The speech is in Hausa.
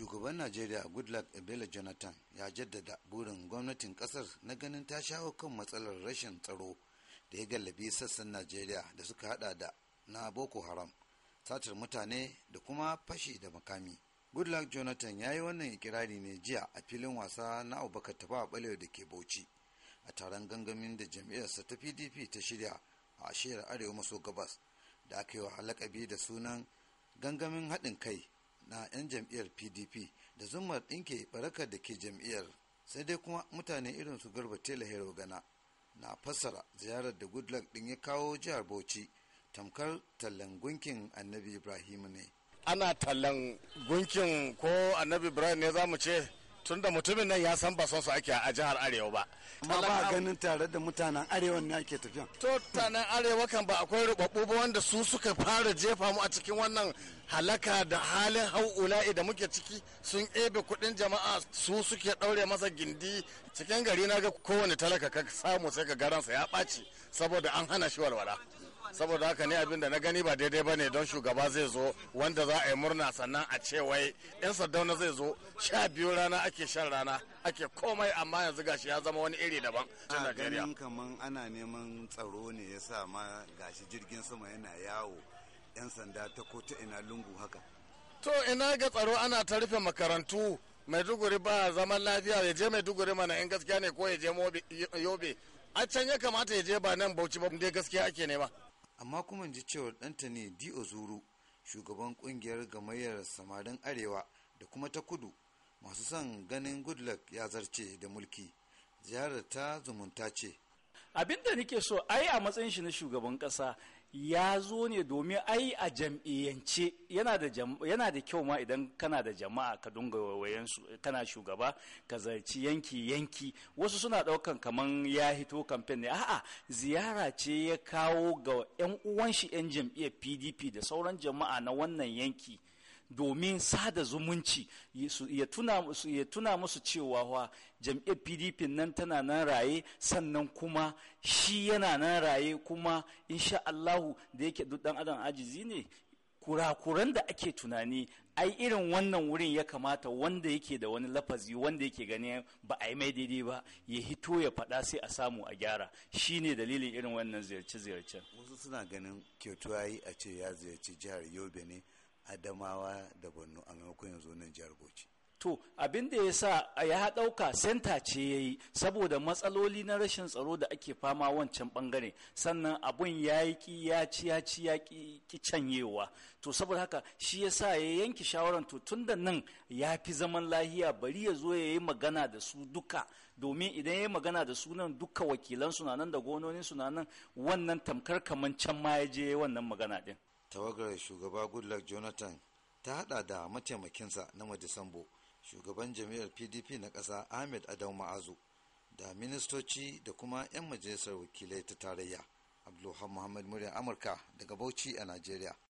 shugaban najeriya goodluck ebele jonathan ya jaddada burin gwamnatin kasar na ganin ta shawo kan matsalar rashin tsaro da ya gallabi sassan najeriya da suka hada da na boko haram satar mutane da kuma fashi da makami goodluck jonathan ya yi wannan ikirari ne jiya a filin wasa na abubakar tafa a balewa da ke bauchi a taron gangamin da jam'iyyarsa ta pdp ta shirya a ashirar arewa maso gabas da aka yi wa lakabi da sunan gangamin haɗin kai na 'yan jam'iyyar pdp da zumar dinke barakar da ke jam'iyyar sai dai kuma mutane irin su garba tela hero gana na fassara ziyarar da goodluck din ya kawo jihar bauchi tamkar tallan gunkin annabi ibrahim ne ana tallan gunkin ko annabi ibrahim ne za mu ce tunda mutumin nan ya san ba son su ake a jihar arewa ba amma ba ganin tare da mutanen arewa ne ake tafiya to mutanen arewa kan ba akwai rubabbu ba wanda su suka fara jefa mu a cikin wannan halaka da halin hau'ula'i da muke ciki sun ebe kuɗin jama'a su suke daure masa gindi cikin gari na ga kowane talaka ka samu sai ka garansa ya ɓaci saboda an hana shi walwala saboda haka ne abin da na gani ba daidai ba ne don shugaba zai zo wanda za a yi murna sannan a ce wai yan sardauna zai zo sha biyu rana ake shan rana ake komai amma yanzu gashi ya zama wani iri daban a ganin kaman ana neman tsaro ne ya sa ma gashi jirgin sama yana yawo yan sanda ta kota ina lungu haka to ina ga tsaro ana ta rufe makarantu maiduguri ba zaman lafiya ya je maiduguri mana in gaskiya ne ko ya je yobe a can ya kamata ya je ba nan bauchi ba dai gaskiya ake nema amma kuma ji cewar ɗanta ne di ozuru shugaban ƙungiyar gamayyar samarin arewa da kuma ta kudu masu son ganin goodluck ya zarce da mulki ziyarar ta zumunta ce abin da nake so ai a matsayin shi na shugaban ƙasa ya zo ne domin ai a jam'iyyance yana da kyau ma idan kana da jama'a ka dunga wayan kana shugaba ka zarci yanki yanki wasu suna daukan kaman ya hito kamfen ne a'a ziyara ce ya kawo ga yan uwan yan jam'iyyar PDP da sauran jama'a na wannan yanki domin sada zumunci ya tuna musu cewa wa jam'iyyar pdp nan tana nan raye sannan kuma shi yana nan raye kuma insha allahu da yake duk dan adam ajizi ne kurakuran da ake tunani ai irin wannan wurin ya kamata wanda yake da wani lafazi wanda yake gani ba a yi mai daidai ba ya hito ya faɗa sai a samu a gyara shi ne dalilin irin wannan ziyarce-ziyarcen wasu suna ganin ya yi a ce ya ziyarci jihar yobe ne adamawa da borno a maimakon yanzu nan jihar bauchi to abin da ya sa ya ɗauka senta ce ya yi saboda matsaloli na rashin tsaro da ake fama wancan bangare sannan abun ya yi ki ya ci ya ci ya ki canyewa to saboda haka shi ya sa ya yanki shawaran to tun da nan ya fi zaman lahiya bari ya zo ya yi magana da su duka domin idan ya yi magana da su nan duka wakilan su na nan da gononin su na nan wannan tamkar kaman can ma ya je wannan magana din tawagar shugaba goodluck jonathan ta hada da mataimakinsa na madisambo shugaban jami'ar pdp na ƙasa ahmed adam ma'azu da ministoci da kuma 'yan majalisar wakilai ta tarayya abdulhamid muhammad murya amurka daga bauchi a nigeria.